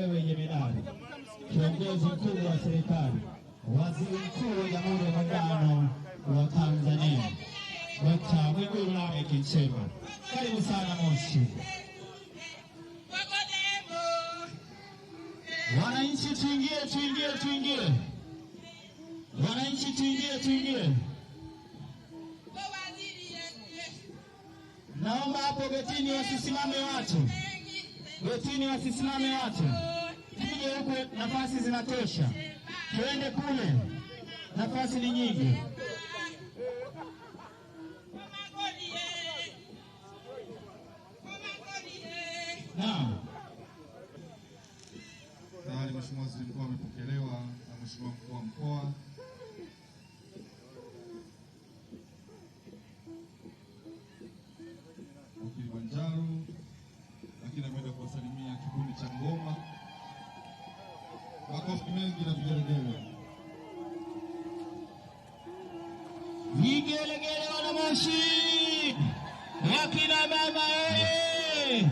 wewe jemedari, kiongozi mkuu wa serikali, waziri mkuu wa Jamhuri ya Muungano wa Tanzania Dkt. Mwigulu Lameck Nchemba, karibu sana Moshi. Wananchi tuingie, tuingie, tuingie! Wananchi tuingie, tuingie! Naomba hapo betini wasisimame watu. Getini wasisimame watu, pige huku, nafasi zinatosha. Twende kule, nafasi ni nyingi. Naam, tayari Mheshimiwa Waziri Mkuu amepokelewa na Mheshimiwa Mkuu wa Mkoa. makofi mengi na vigelegele. Vigelegele wana wanamoshi, wakina mama ee,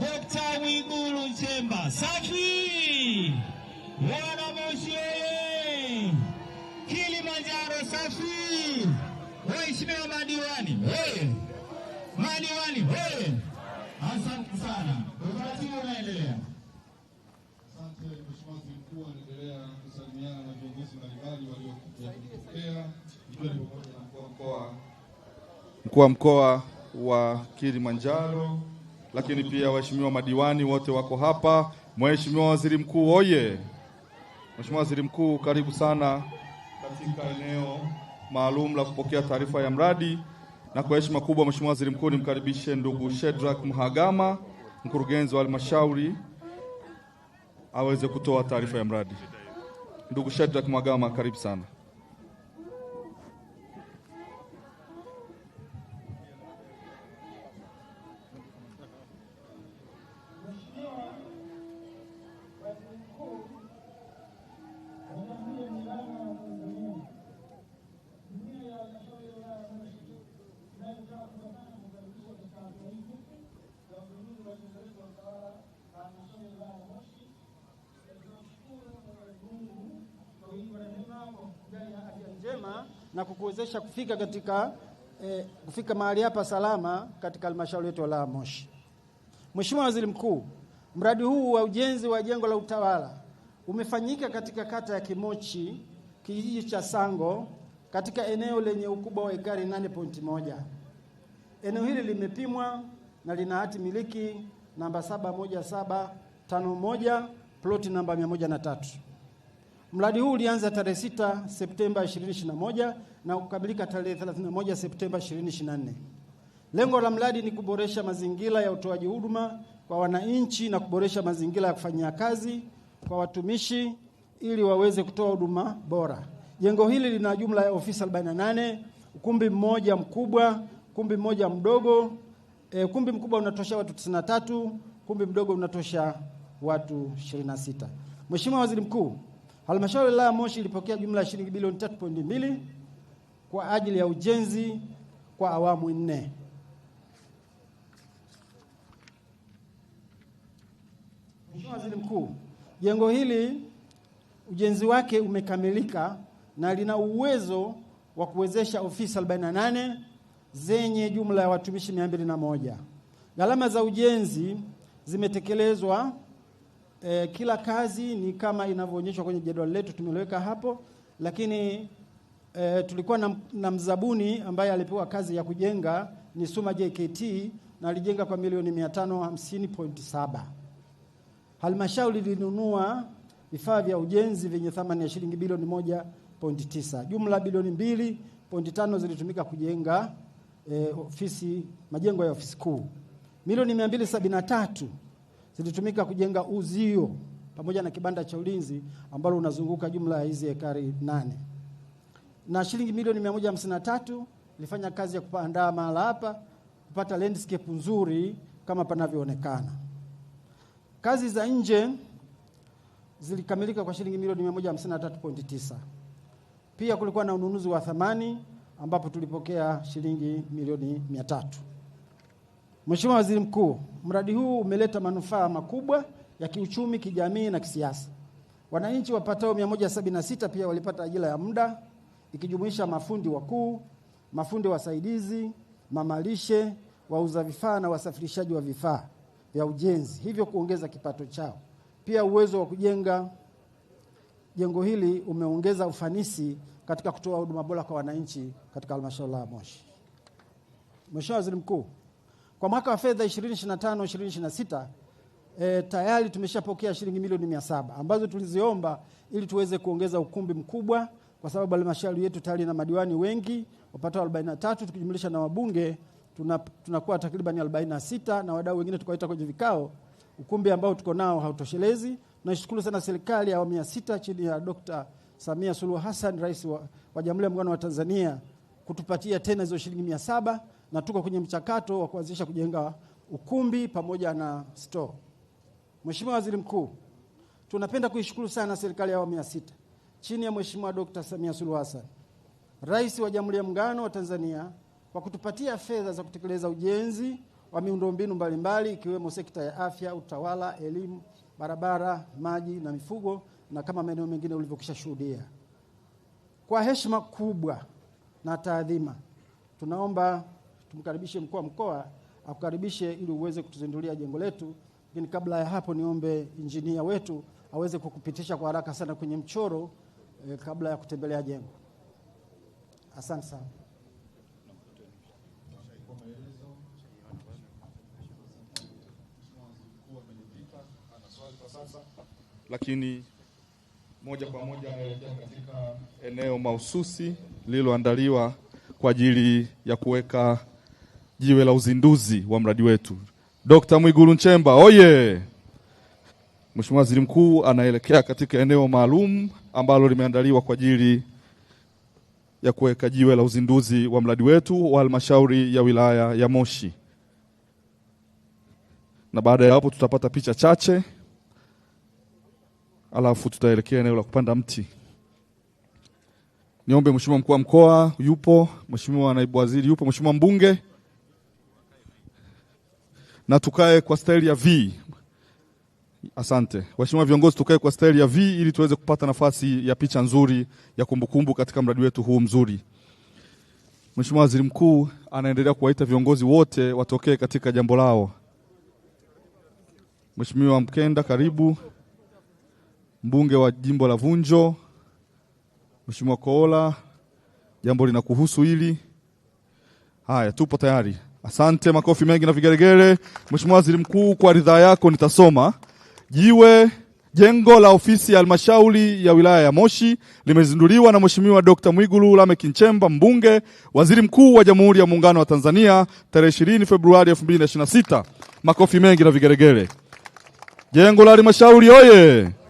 Dokta Mwigulu Nchemba safi, wanamoshi oye! Kilimanjaro safi, waheshimiwa madiwani oye! Madiwani oye! Asante sana, utaratibu unaendelea mkurugenzi mkuu anaendelea kusalimiana na viongozi mbalimbali ikiwa ni pamoja na mkuu wa mkoa wa Kilimanjaro, lakini pia waheshimiwa madiwani wote wako hapa. Mheshimiwa Waziri Mkuu oye! Mheshimiwa Waziri Mkuu, karibu sana katika eneo maalum la kupokea taarifa ya mradi. Na kwa heshima kubwa, Mheshimiwa Waziri Mkuu, nimkaribishe ndugu Shedrack Mhagama, mkurugenzi wa halmashauri aweze kutoa taarifa ya mradi. Ndugu Shadrack Mwagama, karibu sana. salama na kukuwezesha kufika katika e, kufika mahali hapa salama katika halmashauri yetu ya wilaya Moshi. Mheshimiwa Waziri Mkuu, mradi huu wa ujenzi wa jengo la utawala umefanyika katika kata ya Kimochi, kijiji cha Sango, katika eneo lenye ukubwa wa ekari 8.1. Eneo hili limepimwa na lina hati miliki namba 71751 ploti namba 103. Mradi huu ulianza tarehe 6 Septemba 2021 na kukamilika tarehe 31 Septemba 2024. Lengo la mradi ni kuboresha mazingira ya utoaji huduma kwa wananchi na kuboresha mazingira ya kufanyia kazi kwa watumishi ili waweze kutoa huduma bora. Jengo hili lina jumla ya ofisi 48, ukumbi mmoja mkubwa, ukumbi mmoja mdogo. E, ukumbi mkubwa unatosha watu 93, ukumbi mdogo unatosha watu 26. Mheshimiwa Waziri Mkuu, Halmashauri ya Moshi ilipokea jumla ya shilingi bilioni 3.2 kwa ajili ya ujenzi kwa awamu nne. Mheshimiwa Waziri Mkuu, jengo hili ujenzi wake umekamilika na lina uwezo wa kuwezesha ofisi 48 zenye jumla ya watumishi 201. Gharama za ujenzi zimetekelezwa e, kila kazi ni kama inavyoonyeshwa kwenye jedwali letu tumeliweka hapo, lakini e, tulikuwa na, na mzabuni ambaye alipewa kazi ya kujenga ni Suma JKT na alijenga kwa milioni 550.7. Halmashauri ilinunua vifaa vya ujenzi vyenye thamani ya shilingi bilioni 1.9. Jumla bilioni 2.5 zilitumika kujenga e, ofisi majengo ya ofisi kuu. Milioni 273 zilitumika kujenga uzio pamoja na kibanda cha ulinzi ambalo unazunguka jumla ya hizi ekari nane na shilingi milioni 153 ilifanya kazi ya kuandaa mahala hapa kupata landscape nzuri kama panavyoonekana. Kazi za nje zilikamilika kwa shilingi milioni tisa. Pia kulikuwa na ununuzi wa thamani ambapo tulipokea shilingi milioni 300. Mheshimiwa Waziri Mkuu, mradi huu umeleta manufaa makubwa ya kiuchumi, kijamii na kisiasa. Wananchi wapatao 176 pia walipata ajira ya muda ikijumuisha mafundi wakuu, mafundi wasaidizi, mamalishe, wauza vifaa na wasafirishaji wa vifaa vya ujenzi, hivyo kuongeza kipato chao. Pia uwezo wa kujenga jengo hili umeongeza ufanisi katika kutoa huduma bora kwa wananchi katika halmashauri ya Moshi. Mheshimiwa Waziri Mkuu, kwa mwaka wa fedha 2025 2026 e, tayari tumeshapokea shilingi milioni mia saba ambazo tuliziomba ili tuweze kuongeza ukumbi mkubwa, kwa sababu halmashauri yetu tayari na madiwani wengi wapata 43 tukijumlisha na wabunge tunakuwa tuna takriban 46 na wadau wengine tukawaita kwenye vikao. Ukumbi ambao tuko nao hautoshelezi. Tunashukuru sana serikali ya awamu ya sita chini ya Dr. Samia Suluhu Hassan, rais wa, wa Jamhuri ya Muungano wa Tanzania, kutupatia tena hizo shilingi mia saba na tuko kwenye mchakato wa kuanzisha kujenga ukumbi pamoja na store. Mheshimiwa Waziri Mkuu, tunapenda kuishukuru sana serikali ya awamu ya sita chini ya Mheshimiwa Dkt. Samia Suluhu Hassan, Rais wa Jamhuri ya Muungano wa Tanzania kwa kutupatia fedha za kutekeleza ujenzi wa miundombinu mbalimbali ikiwemo sekta ya afya, utawala, elimu, barabara, maji na mifugo na kama maeneo mengine ulivyokwisha shuhudia. Kwa heshima kubwa na taadhima, tunaomba tumkaribishe mkuu wa mkoa akukaribishe ili uweze kutuzindulia jengo letu. Lakini kabla ya hapo, niombe injinia wetu aweze kukupitisha kwa haraka sana kwenye mchoro eh, kabla ya kutembelea jengo. Asante sana. Lakini moja kwa moja naelekea katika eneo mahususi lililoandaliwa kwa ajili ya kuweka jiwe la uzinduzi wa mradi wetu. Dkt. Mwigulu Nchemba oye! Mheshimiwa Waziri Mkuu anaelekea katika eneo maalum ambalo limeandaliwa kwa ajili ya kuweka jiwe la uzinduzi wa mradi wetu wa halmashauri ya wilaya ya Moshi, na baada ya hapo tutapata picha chache, alafu tutaelekea eneo la kupanda mti. Niombe Mheshimiwa mkuu wa mkoa yupo, Mheshimiwa naibu waziri yupo, Mheshimiwa mbunge na tukae kwa staili ya V. Asante waheshimiwa viongozi, tukae kwa staili ya V ili tuweze kupata nafasi ya picha nzuri ya kumbukumbu katika mradi wetu huu mzuri. Mheshimiwa Waziri Mkuu anaendelea kuwaita viongozi wote watokee katika jambo lao. Mheshimiwa Mkenda, karibu. Mbunge wa jimbo la Vunjo, Mheshimiwa Koola, jambo linakuhusu hili. Haya, tupo tayari. Asante, makofi mengi na vigeregere Mheshimiwa Waziri Mkuu, kwa ridhaa yako nitasoma. Jiwe jengo la ofisi ya halmashauri ya wilaya ya Moshi limezinduliwa na Mheshimiwa Dr. Mwigulu Lameck Nchemba mbunge, waziri mkuu wa Jamhuri ya Muungano wa Tanzania tarehe 20 Februari 2026. Makofi mengi na vigeregere Jengo la halmashauri oye!